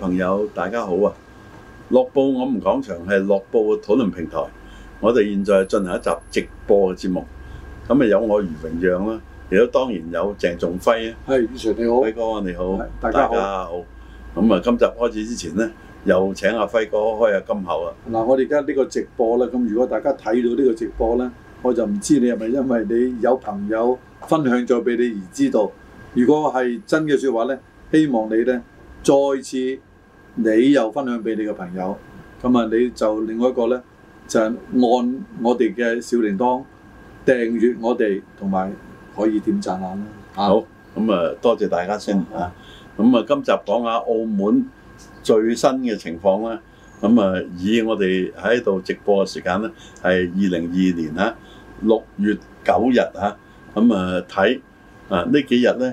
朋友，大家好啊！落《樂布我唔講長，係《樂布嘅討論平台。我哋現在進行一集直播嘅節目。咁啊，有我余榮樣啦，亦都當然有鄭仲輝啊。係，余 s 你好。輝哥你好，大家好。咁啊，今集開始之前呢，又請阿輝哥開下今口啊。嗱，我哋而家呢個直播啦，咁如果大家睇到呢個直播呢，我就唔知你係咪因為你有朋友分享咗俾你而知道。如果係真嘅說話呢，希望你呢再次。你又分享俾你個朋友，咁啊你就另外一個呢，就按我哋嘅小鈴鐺訂閲我哋，同埋可以點讚下啦。好，咁啊多謝大家先嚇。咁、嗯、啊今集講下澳門最新嘅情況啦。咁啊以我哋喺度直播嘅時間呢，係二零二二年啊，六月九日嚇。咁啊睇啊呢幾日呢。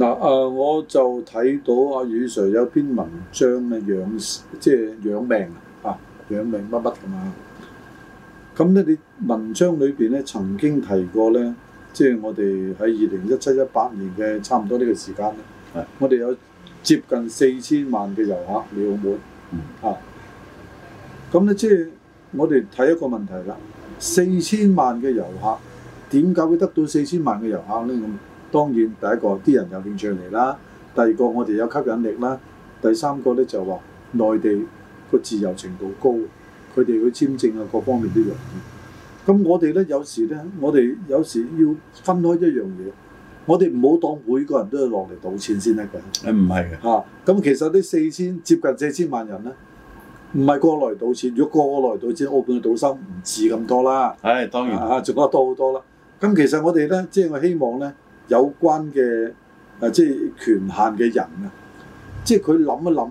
嗱誒、呃，我就睇到阿、啊、雨 Sir 有篇文章嘅養，即係養命啊，養命乜乜咁啊。咁咧，你文章裏邊咧曾經提過咧，即、就、係、是、我哋喺二零一七一八年嘅差唔多呢個時間咧，係、嗯、我哋有接近四千萬嘅遊客嚟澳門，嚇、啊。咁咧，即係我哋睇一個問題啦，四千萬嘅遊客點解會得到四千萬嘅遊客咧咁？當然第一個啲人有興趣嚟啦，第二個我哋有吸引力啦，第三個咧就話內地個自由程度高，佢哋去簽證啊各方面都容易。咁、嗯、我哋咧有時咧，我哋有時要分開一樣嘢，我哋唔好當每個人都係落嚟賭錢先得嘅。誒唔係嘅嚇，咁、啊嗯、其實這 4, 000, 4, 000, 000呢，四千接近四千萬人咧，唔係過來賭錢，如果過來賭錢，澳門嘅賭收唔止咁多啦。係、哎、當然啊，仲多得多好多啦。咁、嗯、其實我哋咧，即係我希望咧。有關嘅誒，即係權限嘅人啊，即係佢諗一諗，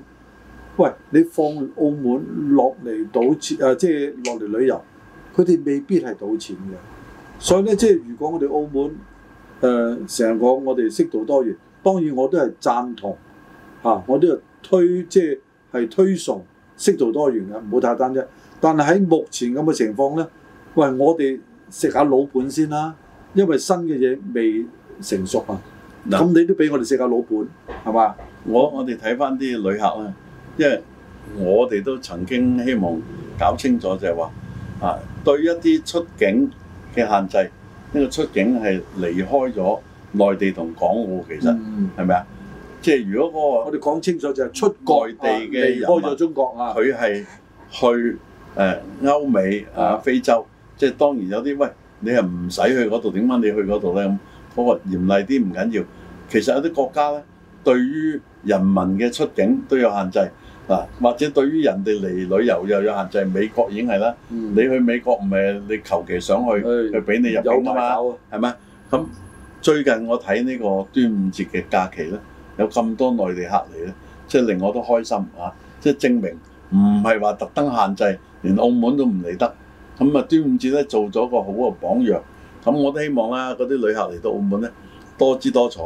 喂，你放澳門落嚟賭錢誒、啊，即係落嚟旅遊，佢哋未必係賭錢嘅。所以咧，即係如果我哋澳門誒成日講我哋適度多元，當然我都係贊同嚇、啊，我都係推即係係推崇適度多元嘅，唔好太單一。但係喺目前咁嘅情況咧，喂，我哋食下老本先啦，因為新嘅嘢未成熟啊！嗱，咁你都俾我哋世界老本，係嘛？我我哋睇翻啲旅客啦，因為我哋都曾經希望搞清楚就係話啊，對一啲出境嘅限制，呢個出境係離開咗內地同港澳，其實係咪啊？即係如果嗰個我哋講清楚就係出外地嘅人，離開咗中國啊，佢係去誒歐美啊非洲，即係當然有啲喂，你係唔使去嗰度，點解你去嗰度咧？嗰個嚴厲啲唔緊要，其實有啲國家咧，對於人民嘅出境都有限制，嗱、啊、或者對於人哋嚟旅遊又有限制。美國已經係啦，嗯、你去美國唔係你求其想去，嗯、去俾你入境啊嘛，係咪？咁最近我睇呢個端午節嘅假期咧，有咁多內地客嚟咧，即係令我都開心啊！即係證明唔係話特登限制，連澳門都唔嚟得。咁啊，端午節咧做咗個好嘅榜樣。咁我都希望啦、啊，嗰啲旅客嚟到澳門咧，多姿多彩，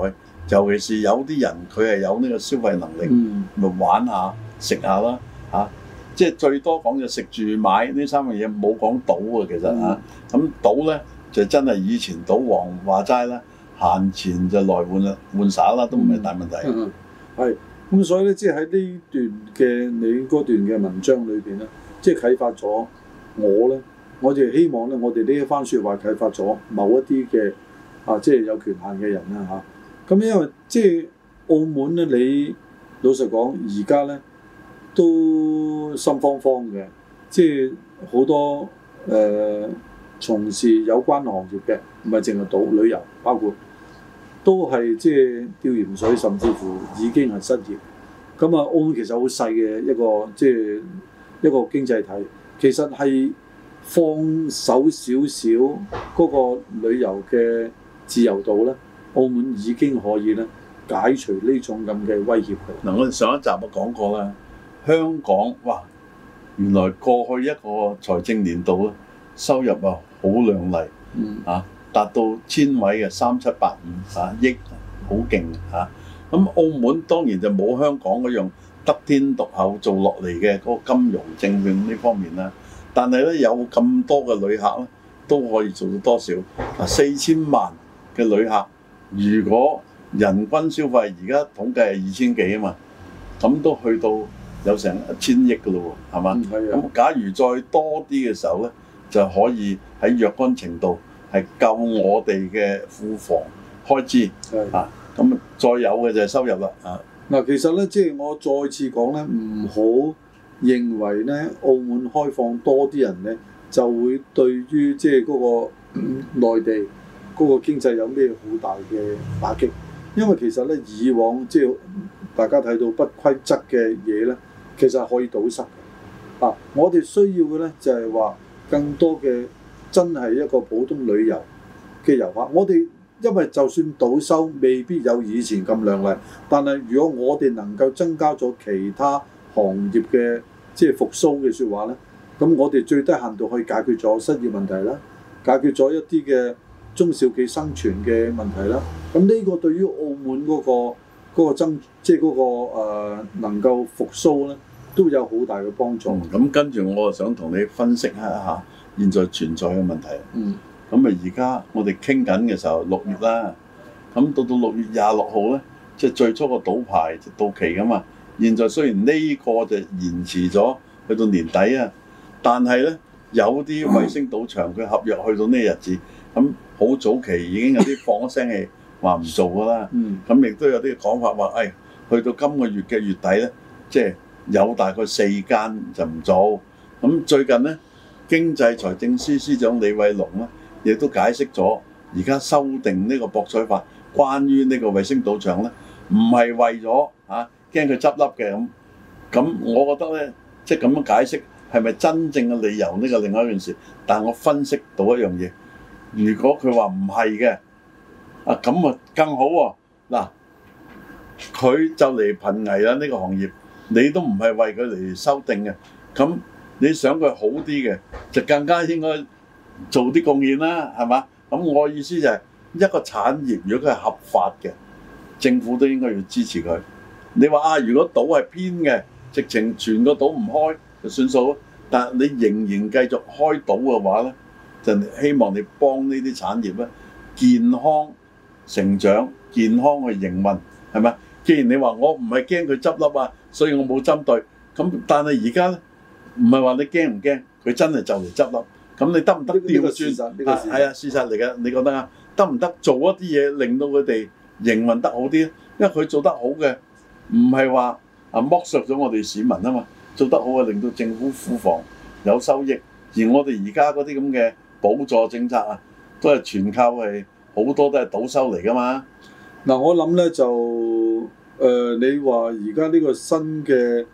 就尤其是有啲人佢係有呢個消費能力，咪、嗯、玩下食下啦嚇、啊，即係最多講就食住買呢三樣嘢，冇講賭嘅其實嚇。咁賭咧就真係以前賭王話齋啦，閒錢就來換啦，換耍啦，都唔係大問題。嗯，係咁所以咧，即係喺呢段嘅你嗰段嘅文章裏邊咧，即係啟發咗我咧。我哋希望咧，我哋呢番説話啟發咗某一啲嘅啊，即係有權限嘅人啦嚇。咁、啊、因為即係澳門咧，你老實講，而家咧都心慌慌嘅，即係好多誒、呃、從事有關行業嘅，唔係淨係賭旅遊，包括都係即係吊鹽水，甚至乎已經係失業。咁啊，澳門其實好細嘅一個,一個即係一個經濟體，其實係。放手少少嗰個旅遊嘅自由度咧，澳門已經可以咧解除呢種咁嘅威脅嘅。嗱，我哋上一集都講過啦，香港哇，原來過去一個財政年度咧，收入啊好亮麗，嗯啊，達到千位嘅三七八五啊億，好勁啊！咁澳門當然就冇香港嗰樣得天獨厚做落嚟嘅嗰個金融證券呢方面啦。但係咧，有咁多嘅旅客咧，都可以做到多少？啊，四千萬嘅旅客，如果人均消費而家統計係二千幾啊嘛，咁都去到有成一千億噶咯喎，係咪？咁、嗯、假如再多啲嘅時候咧，就可以喺若干程度係夠我哋嘅庫房開支的啊。咁再有嘅就係收入啦。啊，嗱、啊，其實咧，即係我再次講咧，唔好，認為咧，澳門開放多啲人咧，就會對於即係嗰個內地嗰個經濟有咩好大嘅打擊？因為其實咧，以往即係大家睇到不規則嘅嘢咧，其實可以堵塞、啊。我哋需要嘅咧就係話更多嘅真係一個普通旅遊嘅遊客。我哋因為就算賭收未必有以前咁亮麗，但係如果我哋能夠增加咗其他行業嘅即係復甦嘅説話咧，咁我哋最低限度可以解決咗失業問題啦，解決咗一啲嘅中小企生存嘅問題啦。咁呢個對於澳門嗰個嗰個增，即係嗰個、呃、能夠復甦咧，都有好大嘅幫助。咁、嗯、跟住我啊想同你分析一下現在存在嘅問題。嗯。咁啊而家我哋傾緊嘅時候，六月啦，咁到到六月廿六號咧，即係最初個賭牌就到期噶嘛。現在雖然呢個就延遲咗去到年底啊，但係呢，有啲衞星賭場佢合約去到呢個日子，咁好早期已經有啲放聲氣話唔做㗎啦。咁亦都有啲講法話，誒，去到今個月嘅月底呢，即係有大概四間就唔做。咁最近呢，經濟財政司司長李偉龍呢，亦都解釋咗，而家修訂呢個博彩法關於呢個衞星賭場呢，唔係為咗嚇啊驚佢執笠嘅咁咁，我覺得咧即係咁樣解釋係咪真正嘅理由呢？個另外一件事，但係我分析到一樣嘢，如果佢話唔係嘅啊咁啊更好喎、啊、嗱，佢就嚟瀕危啦呢、這個行業，你都唔係為佢嚟修訂嘅，咁你想佢好啲嘅就更加應該做啲貢獻啦，係嘛？咁我意思就係、是、一個產業，如果佢係合法嘅，政府都應該要支持佢。你話啊，如果賭係偏嘅，直情全個賭唔開就算數咯。但係你仍然繼續開賭嘅話咧，就希望你幫呢啲產業咧健康成長、健康去營運，係咪？既然你話我唔係驚佢執笠啊，所以我冇針對。咁但係而家咧唔係話你驚唔驚？佢真係就嚟執笠，咁你得唔得呢個算啊？係啊，事實嚟嘅，你覺得啊？得唔得做一啲嘢令到佢哋營運得好啲？因為佢做得好嘅。唔係話啊剝削咗我哋市民啊嘛，做得好啊，令到政府庫房有收益，而我哋而家嗰啲咁嘅補助政策啊，都係全靠係好多都係倒收嚟噶嘛。嗱、啊、我諗呢就誒、呃，你話而家呢個新嘅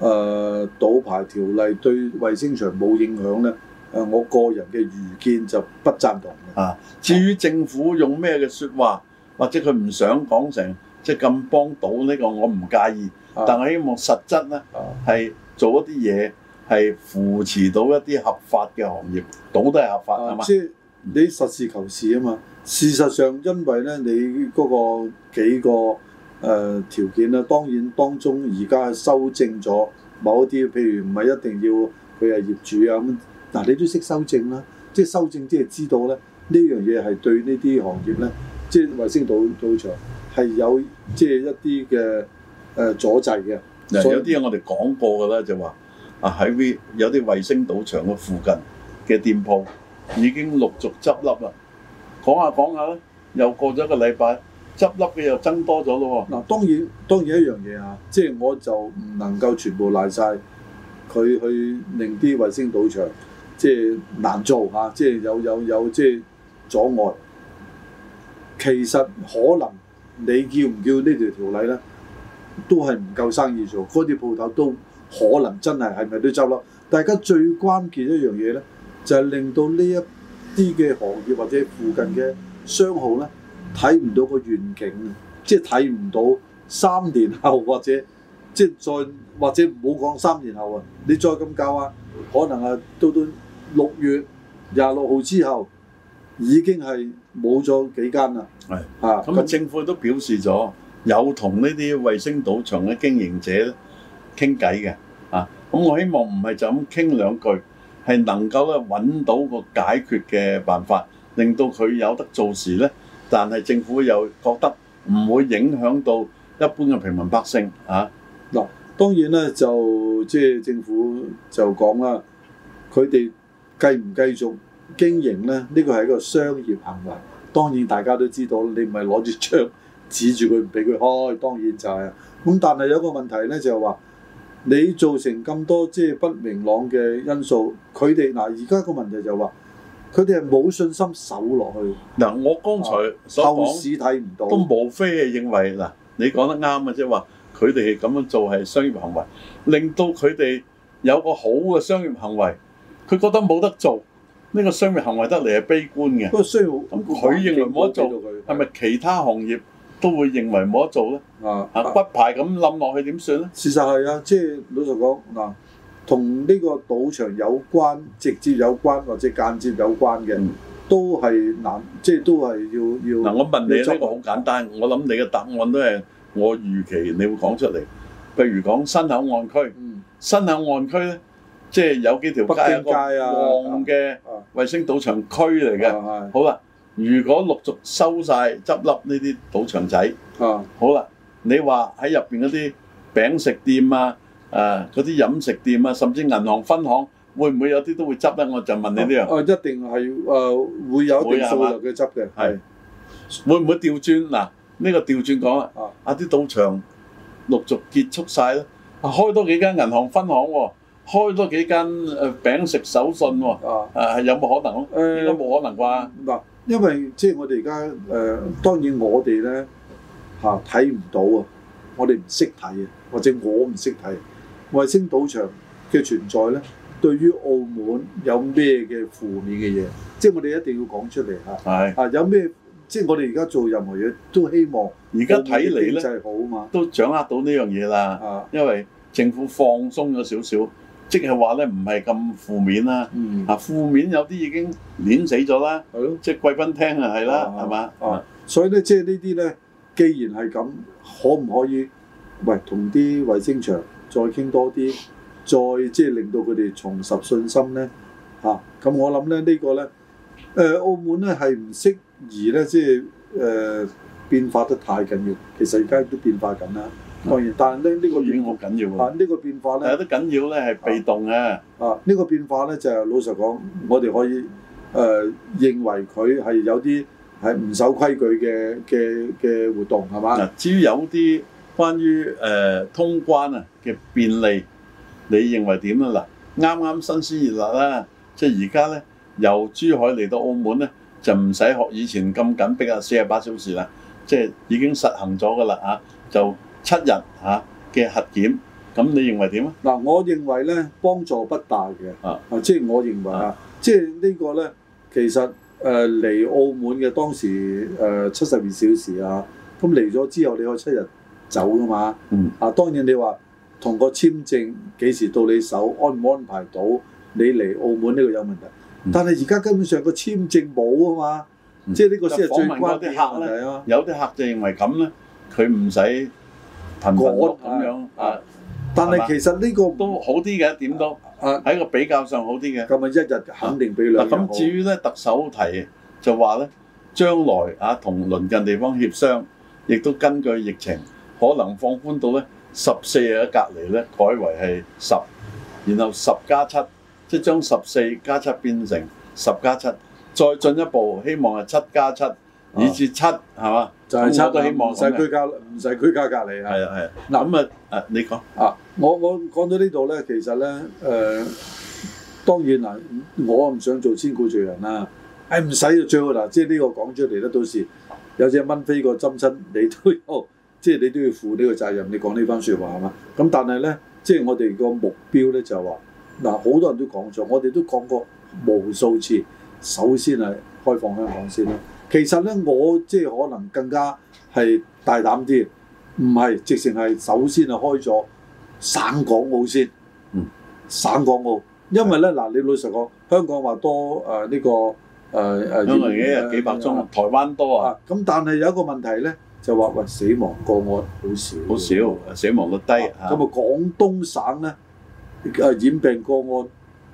誒賭牌條例對衞星場冇影響呢，誒、呃，我個人嘅意見就不贊同啊，至於政府用咩嘅説話，或者佢唔想講成？即係咁幫到呢個，我唔介意。啊、但係希望實質呢，係、啊、做一啲嘢係扶持到一啲合法嘅行業，賭都係合法啊嘛。嗎即係你實事求是啊嘛。事實上，因為呢你嗰個幾個誒條、呃、件咧，當然當中而家修正咗某一啲，譬如唔係一定要佢係業主啊咁。但你都識修正啦，即係修正即係知道呢呢樣嘢係對呢啲行業呢，即係衛星賭賭場。係有即係、就是、一啲嘅誒阻滯嘅、嗯，有啲嘢我哋講過嘅啦，就話啊喺 V 有啲衞星賭場嘅附近嘅店鋪已經陸續執笠啦。講下講下咧，又過咗一個禮拜，執笠嘅又增多咗咯。嗱、嗯，當然當然一樣嘢啊，即、就、係、是、我就唔能夠全部賴晒佢去令啲衞星賭場即係、就是、難做吓、啊，即、就、係、是、有有有即係、就是、阻礙。其實可能。你叫唔叫呢條條例咧，都係唔夠生意做，嗰啲鋪頭都可能真係係咪都執笠。大家最關鍵嘅一樣嘢咧，就係、是、令到呢一啲嘅行業或者附近嘅商號咧，睇唔到個遠景啊，即係睇唔到三年後或者即係再或者唔好講三年後啊，你再咁教啊，可能啊，到到六月廿六號之後已經係。冇咗幾間啦，係啊，咁政府都表示咗有同呢啲衞星賭場嘅經營者傾偈嘅，啊，咁我希望唔係就咁傾兩句，係能夠咧揾到個解決嘅辦法，令到佢有得做事咧。但係政府又覺得唔會影響到一般嘅平民百姓啊。嗱，當然咧就即係、就係、政府就講啦，佢哋繼唔繼續？經營咧，呢個係一個商業行為，當然大家都知道你唔係攞住槍指住佢，唔俾佢開，當然就係啊。咁但係有個問題咧，就係話你造成咁多即係不明朗嘅因素，佢哋嗱而家個問題就係話佢哋係冇信心守落去。嗱，我剛才所講後市睇唔到都無非係認為嗱，你講得啱嘅即係，話佢哋係咁樣做係商業行為，令到佢哋有個好嘅商業行為，佢覺得冇得做。呢個商業行為得嚟係悲觀嘅，不過咁佢認為冇得做，係咪其他行業都會認為冇得做咧、啊？啊骨牌咁冧落去點算咧？事實係、就是、啊，即係老實講嗱，同呢個賭場有關、直接有關或者間接有關嘅，嗯、都係難，即、就、係、是、都係要要。嗱、啊，我問你咧，呢個好簡單，啊、我諗你嘅答案都係我預期你會講出嚟。譬如講新口岸區，新、嗯、口岸區咧。即係有幾條街一個旺嘅衞星賭場區嚟嘅，好啦。如果陸續收曬執笠呢啲賭場仔，好啦。你話喺入邊嗰啲餅食店啊、啊嗰啲飲食店啊，甚至銀行分行，會唔會有啲都會執咧？我就問你呢樣。啊，一定係啊，會有一定數量嘅執嘅，係會唔會調轉嗱？呢個調轉講啊，啊啲賭場陸續結束曬咧，開多幾間銀行分行喎。開多幾間誒餅食手信喎，誒、啊啊、有冇可能啊？誒冇、欸、可能啩？嗱，因為即係我哋而家誒，當然我哋咧嚇睇唔到啊，看不到我哋唔識睇啊，或者我唔識睇衛星賭場嘅存在咧，對於澳門有咩嘅負面嘅嘢，即係我哋一定要講出嚟嚇。係嚇的、啊、有咩？即係我哋而家做任何嘢都希望而家睇嚟咧，好嘛都掌握到呢樣嘢啦。啊的，因為政府放鬆咗少少。即係話咧，唔係咁負面啦。啊、嗯，負面有啲已經碾死咗啦。係咯的，即係貴賓廳啊，係啦，係嘛？啊，所以咧，即係呢啲咧，既然係咁，可唔可以，喂同啲衛星場再傾多啲，再即係令到佢哋重拾信心咧？嚇、啊，咁我諗咧呢個咧，誒、呃、澳門咧係唔適宜咧，即係誒、呃、變化得太緊要。其實而家都變化緊啦。當然，但係呢呢個嘢好緊要啊，呢、這個變化咧，有得緊要咧係被動嘅。啊，呢、這個變化咧就係、是、老實講，我哋可以誒、呃、認為佢係有啲係唔守規矩嘅嘅嘅活動係嘛？嗱、啊，至於有啲關於誒、呃、通關啊嘅便利，你認為點啊？嗱，啱啱新鮮熱辣啦，即係而家咧由珠海嚟到澳門咧就唔使學以前咁緊逼啊，四十八小時啦，即係已經實行咗㗎啦嚇就。七日嚇嘅核檢，咁你認為點啊？嗱，我認為咧幫助不大嘅啊，即係我認為啊，即係呢個咧，其實誒嚟、呃、澳門嘅當時誒七十二小時啊，咁嚟咗之後你可以七日走噶嘛。嗯。啊，當然你話同個簽證幾時到你手，安唔安排到你嚟澳門呢個有問題。嗯、但係而家根本上個簽證冇啊嘛，嗯、即係呢個先係最關鍵。訪問嗰啲客咧，嗎有啲客人就認為咁咧，佢唔使。我咁樣啊，但係其實呢個都好啲嘅，點都啊喺個比較上好啲嘅。咁啊，一日肯定比兩日好。咁至於咧，特首提就話咧，將來啊同鄰近地方協商，亦都根據疫情可能放寬到咧十四日嘅隔離咧，改為係十，然後十加七，即將十四加七變成十加七，再進一步希望係七加七。以至七係嘛？就係、啊、七都希望不用家，都起冇曬居家，唔使居家隔離係那啊係。嗱咁啊誒，你講說 啊，我我講到這裡呢度咧，其實咧誒、呃，當然嗱，我唔想做千古罪人啦。誒唔使最好嗱，即係呢個講出嚟到時，有隻蚊飛過針親，你都即係、就是、你都要負呢個責任。你講呢番説話係嘛。咁但係咧，即係我哋個目標咧就係、是、話，嗱好多人都講咗，我哋都講過無數次。首先係開放香港先啦。其實咧，我即係可能更加係大膽啲，唔係直情係首先係開咗省港澳先，嗯，省港澳因為咧嗱是的，你老實講，香港話多誒呢、呃這個誒誒，因為一日幾百宗，呃、台灣多啊，咁、啊、但係有一個問題咧，就話話死亡個案好少，好少，死亡率低咁啊，廣、啊、東省咧誒染病個案，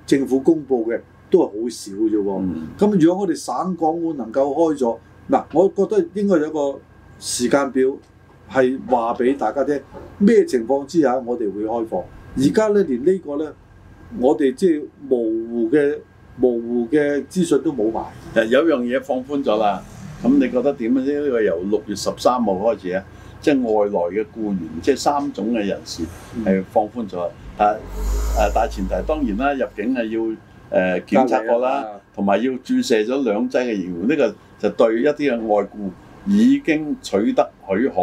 政府公佈嘅。都係好少啫喎，咁如果我哋省港澳能夠開咗，嗱，我覺得應該有一個時間表係話俾大家聽，咩情況之下我哋會開放。而家咧，連呢個咧，我哋即係模糊嘅模糊嘅資訊都冇埋。誒，有樣嘢放寬咗啦，咁你覺得點啊？呢個由六月十三號開始啊，即係外來嘅僱員，即係三種嘅人士係放寬咗。誒誒，但係前提當然啦，入境係要。誒、呃、檢測過啦，同埋、啊、要注射咗兩劑嘅疫苗，呢、這個就對一啲嘅外僱已經取得許可、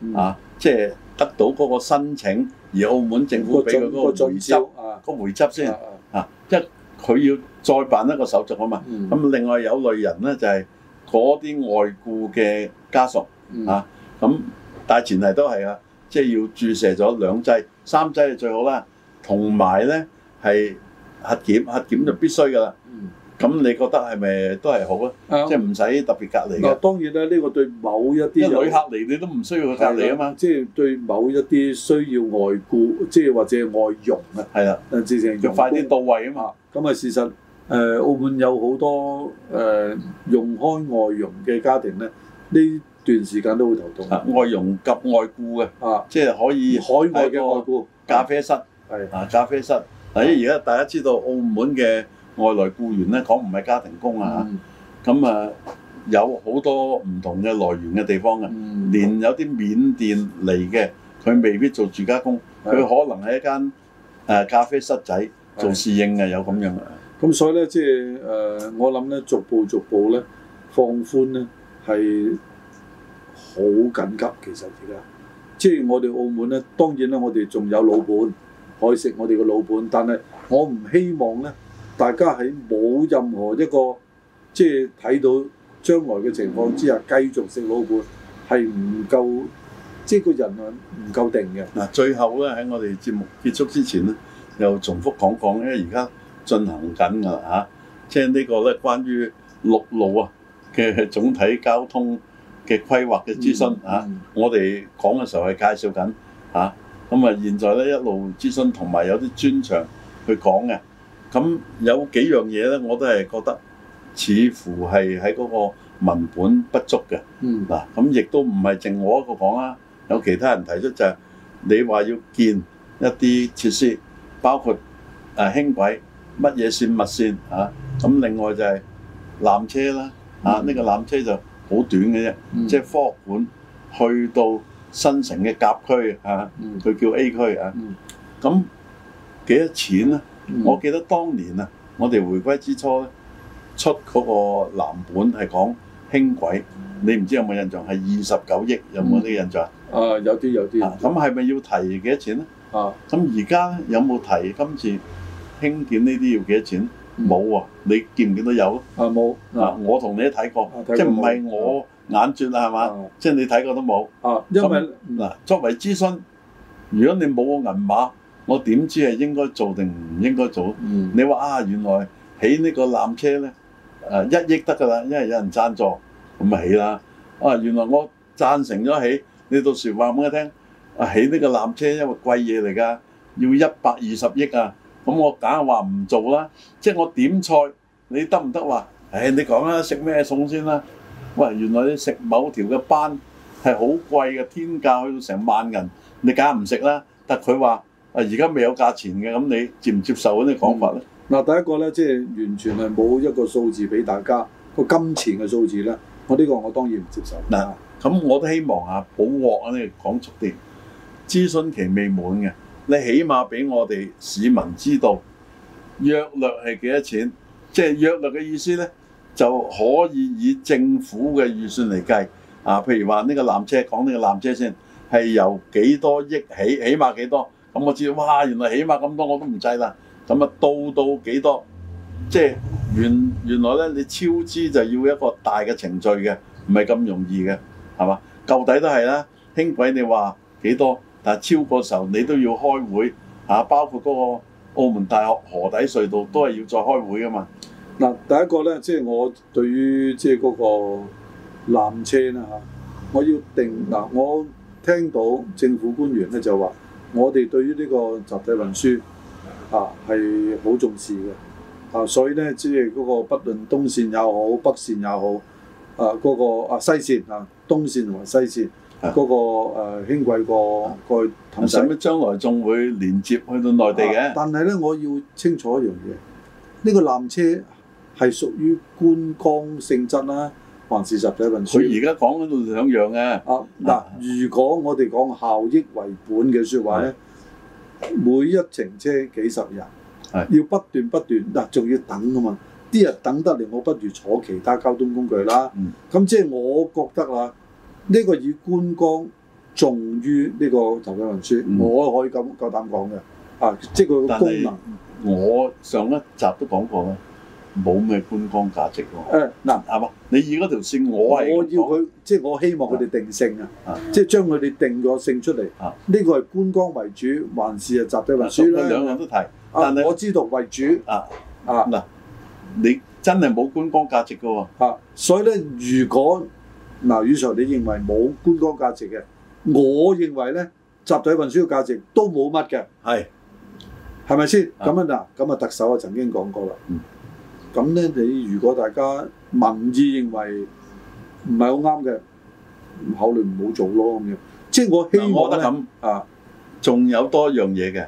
嗯、啊，即、就、係、是、得到嗰個申請，而澳門政府俾佢嗰個回執，個回執先啊，即係佢要再辦一個手續啊嘛。咁、嗯、另外有類人咧就係嗰啲外僱嘅家屬、嗯、啊，咁但係前提都係啊，即、就、係、是、要注射咗兩劑、三劑最好啦，同埋咧係。核檢核檢就必須㗎啦，咁、嗯、你覺得係咪都係好啊？即係唔使特別隔離嘅、啊。當然啦，呢、這個對某一啲旅客嚟，你都唔需要佢隔離啊嘛。即係、就是、對某一啲需要外顧，即係或者外傭啊。係啦的，就快啲到位啊嘛。咁啊，事實誒，澳門有好多誒、呃、用開外傭嘅家庭咧，呢段時間都會頭痛。外傭及外顧嘅，即係的可以海外嘅外顧的咖啡室，係啊咖啡室。的嗱，而家大家知道澳門嘅外來僱員咧，講唔係家庭工啊嚇，咁、嗯、啊有好多唔同嘅來源嘅地方嘅，嗯、連有啲緬甸嚟嘅，佢未必做住家工，佢、嗯、可能係一間誒咖啡室仔做侍應嘅，嗯、有咁樣啊。咁所以咧，即係誒，我諗咧，逐步逐步咧放寬咧，係好緊急，其實而家，即、就、係、是、我哋澳門咧，當然咧，我哋仲有老本。嗯可以食我哋嘅老本，但係我唔希望咧，大家喺冇任何一個即係睇到將來嘅情況之下，繼續食老本係唔夠，即係個人啊唔夠定嘅。嗱，最後咧喺我哋節目結束之前咧，又重複講講，因為而家進行緊㗎啦嚇，即、啊、係、就是、呢個咧關於陸路啊嘅總體交通嘅規劃嘅諮詢嚇、嗯嗯啊，我哋講嘅時候係介紹緊嚇。啊咁啊，現在咧一路諮詢同埋有啲專長去講嘅，咁有幾樣嘢咧，我都係覺得似乎係喺嗰個文本不足嘅。嗯，嗱，咁亦都唔係淨我一個講啦，有其他人提出就係你話要建一啲設施，包括誒輕軌乜嘢線、乜線嚇，咁另外就係纜車啦，啊呢個纜車就好短嘅啫，即係科學館去到。新城嘅甲區嚇，佢、啊、叫 A 區啊，咁幾多錢、嗯、我記得當年啊，我哋回歸之初出嗰個藍本係講輕軌，嗯、你唔知道有冇印象？係二十九億，有冇呢個印象、嗯、啊？有啲有啲。咁係咪要提幾多錢咧？啊，咁而家有冇提今次興建呢啲要幾多錢？冇啊，你見唔見到有？啊，冇，啊我同你都睇過，即係唔係我眼拙啦係嘛？即係你睇過都冇。啊，因為嗱，作為諮詢，如果你冇個銀碼，我點知係應該做定唔應該做？嗯。你話啊，原來起呢個纜車咧，誒，一億得㗎啦，因為有人贊助，咁咪起啦。啊，原來我贊成咗起，你到時話畀我聽，啊起呢個纜車因為貴嘢嚟㗎，要一百二十億啊！咁我梗係話唔做啦，即係我點菜，你得唔得話？誒，你講啦，食咩餸先啦？喂，原來你食某條嘅班係好貴嘅，天價去到成萬銀，你梗係唔食啦。但係佢話啊，而家未有價錢嘅，咁你接唔接受嗰啲講法咧？嗱，第一個咧，即係完全係冇一個數字俾大家個金錢嘅數字咧，我呢個我當然唔接受。嗱，咁我都希望啊，補鑊嗰啲講足啲，諮詢期未滿嘅。你起碼俾我哋市民知道，約略係幾多錢？即係約略嘅意思呢，就可以以政府嘅預算嚟計啊。譬如話呢個纜車，講呢個纜車先係由幾多億起，起碼幾多？咁我知道，哇！原來起碼咁多我都唔制啦。咁啊到到幾多？即係原原來呢，你超支就要一個大嘅程序嘅，唔係咁容易嘅，係嘛？舊底都係啦，輕軌你話幾多？但超過時候，你都要開會，包括嗰個澳門大學河底隧道都係要再開會噶嘛。嗱，第一個呢，即係我對於即係嗰個纜車咧，我要定嗱，我聽到政府官員咧就話，我哋對於呢個集體運輸啊係好重視嘅。啊，所以呢，即係嗰個，不論東線也好，北線也好，啊嗰個啊西線啊，東線同埋西線。嗰、啊那個誒輕、呃、軌、啊、那個個氫，使乜將來仲會連接去到內地嘅、啊。但係咧，我要清楚一樣嘢，呢、這個纜車係屬於觀光性質啦、啊，還是實體運輸？佢而家講緊到兩樣嘅、啊。啊嗱，啊啊如果我哋講效益為本嘅説話咧，是每一程車幾十日，是要不斷不斷嗱，仲、啊、要等啊嘛？啲人等得嚟，我不如坐其他交通工具啦。咁、嗯、即係我覺得啊。呢個以觀光重於呢個集體運輸，我可以夠夠膽講嘅啊！即係佢嘅功能，我上一集都講過咧，冇咩觀光價值喎。誒嗱係嘛？你以嗰條線，我係我要佢，即係我希望佢哋定性啊，即係將佢哋定個性出嚟。呢個係觀光為主，還是係集體運輸咧？兩樣都提。但係我知道為主啊啊！嗱，你真係冇觀光價值嘅喎。所以咧，如果嗱，余 Sir、啊、你認為冇觀光價值嘅，我認為咧，集體運輸嘅價值都冇乜嘅，係是，係咪先？咁樣嗱，咁啊特首啊曾經講過啦，咁咧、嗯、你如果大家民意認為唔係好啱嘅，考慮唔好做咯咁樣，即係我希望咧、嗯、啊，仲有多一樣嘢嘅，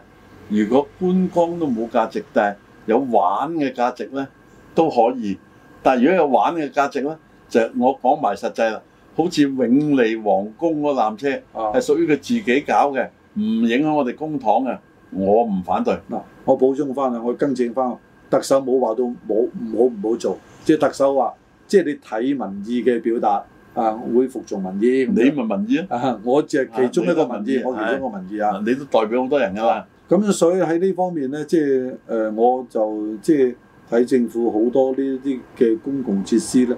如果觀光都冇價值，但係有玩嘅價值咧都可以，但係如果有玩嘅價值咧？就我講埋實際啦，好似永利皇宮嗰纜車係屬於佢自己搞嘅，唔影響我哋公帑嘅，我唔反對。嗱、啊，我補充翻啦，我更正翻，特首冇話到冇唔好做，即係特首話，即係你睇民意嘅表達啊，會服從民意。你咪民意啊！我只係其中一個民意，民意我其中一個民意的啊！你都代表好多人噶嘛。咁、啊、所以喺呢方面咧，即係誒、呃，我就即係睇政府好多呢啲嘅公共設施咧。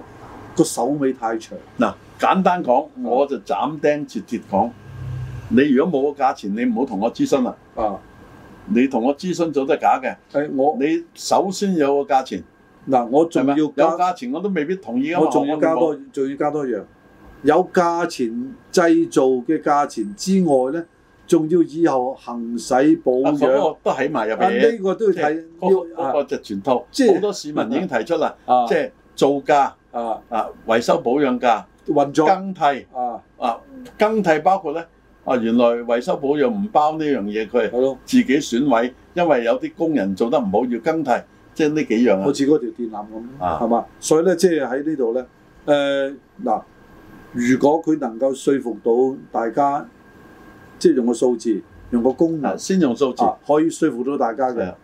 個手尾太長嗱，簡單講，我就斬釘截鐵講，你如果冇個價錢，你唔好同我諮詢啦。啊，你同我諮詢做都係假嘅。我你首先有個價錢嗱，我仲要有價錢，我都未必同意。我仲要加多，仲要加多樣。有價錢製造嘅價錢之外咧，仲要以後行使保養，都喺埋入邊。呢個都要睇，要個就全套。即係好多市民已經提出啦，即係造價。啊啊！維修保養價、運作、更替啊啊！更替包括咧啊，原來維修保養唔包呢樣嘢，佢係自己損毀，因為有啲工人做得唔好要更替，即係呢幾樣啊。好似嗰條電纜咁，係嘛、啊？所以咧，即係喺呢度咧，誒嗱、呃，如果佢能夠說服到大家，即、就、係、是、用個數字，用個功能，先用數字、啊，可以說服到大家嘅，的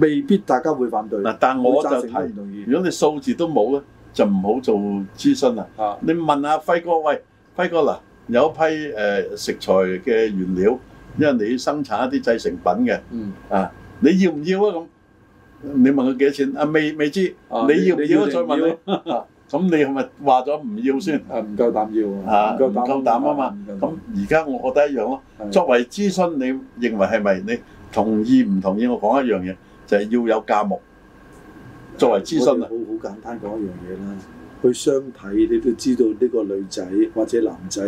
未必大家會反對。嗱、啊，但我就睇，如果你數字都冇咧。就唔好做諮詢啦。啊、你問下輝哥，喂，輝哥嗱、啊，有一批誒、呃、食材嘅原料，因為你生產一啲製成品嘅，嗯、啊，你要唔要啊？咁你問佢幾多錢？啊，未未知。啊、你要唔要啊？要要再問你。咁、啊、你係咪話咗唔要先？啊，唔夠膽要夠膽啊，唔夠，夠膽啊嘛。咁而家我覺得一樣咯、啊。作為諮詢，你認為係咪你同意唔同意？我講一樣嘢，就係、是、要有價目。作為資深啦，好好簡單講一樣嘢啦，的去相睇你都知道呢個女仔或者男仔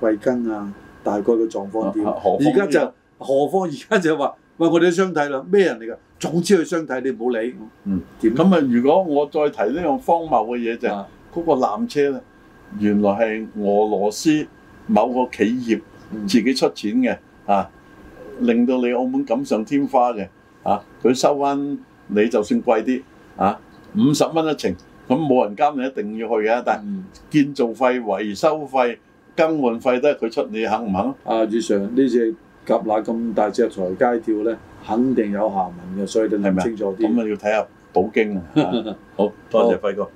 貴庚啊，大概嘅狀況點。而家就何況而家就話，喂，我哋都相睇啦，咩人嚟噶？總之去相睇你唔好理。嗯，咁啊，如果我再提呢樣荒謬嘅嘢的就係嗰個纜車咧，原來係俄羅斯某個企業自己出錢嘅、嗯、啊，令到你澳門錦上添花嘅啊，佢收翻你就算貴啲。啊！五十蚊一程，咁冇人監你一定要去嘅，但係建造費、維修費、更換費都係佢出你，你肯唔肯？啊！以上呢隻夾乸咁大隻台街跳咧，肯定有下文嘅，所以你要諗清楚啲。咁啊，咁要睇下保京。 啊。好，多謝輝哥。